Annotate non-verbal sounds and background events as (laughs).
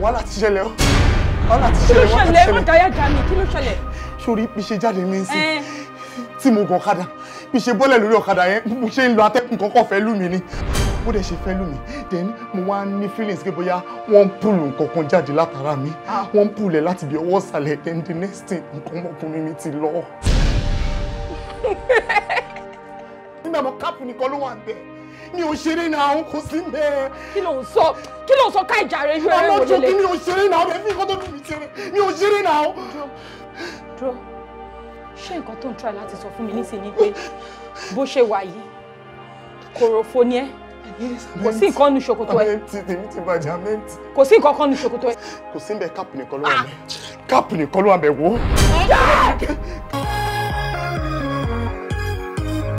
wàhálà ti ṣẹlẹ̀ o wàhálà ti ṣẹlẹ̀ wàhálà ti ṣẹlẹ̀. kí ló ṣẹlẹ̀ mọ̀jáyà jà mí kí ló ṣẹlẹ̀. sori bí ṣe jáde mi ń sìn eh. tí mo gàn ọ̀kadà bí ṣe bọ́lẹ̀ lórí ọ̀kadà yẹn mo ṣe ń lo atẹ́kùn kọ́kọ́ fẹ́ lù mí ni bó dẹ̀ ṣe fẹ́ lù mí then mo wá ní feelings pé bóyá wọ́n ń pùlù nǹkan kan jáde látara mi ah. wọ́n ń pùlẹ̀ láti bí ọwọ́ ìsàlẹ̀ then the next thing nǹkan ọmọkùnrin mi ti lọ. (laughs) nígbà mo káàpù nìkan ló wà ń bẹ̀ mi ò ṣeré náà àwọn kò sí mẹ́ẹ̀. kí ló ń sọ kí ló ń sọ ká ìjàre yọ ẹrẹ wọlé. ọlọ́jọ́ kí mi ò ṣeré náà bẹ́ẹ̀ fi nǹkan tó dùn mí ṣeré mi ò ṣeré náà. dúró dúró ṣé nǹkan tó ń try láti sọ fún mi nísìnyí pé bó ṣe wà yìí kòròfo ni ẹ kò sí nǹkan nu ṣòkòtò ẹ kò sí nǹkan kan nu ṣòkòtò ẹ. kò sí bẹ́ẹ̀ káàpù nìkan ló wà bẹ́ẹ̀ káàpù ah! nìkan ló wà bẹ́ẹ̀ wò.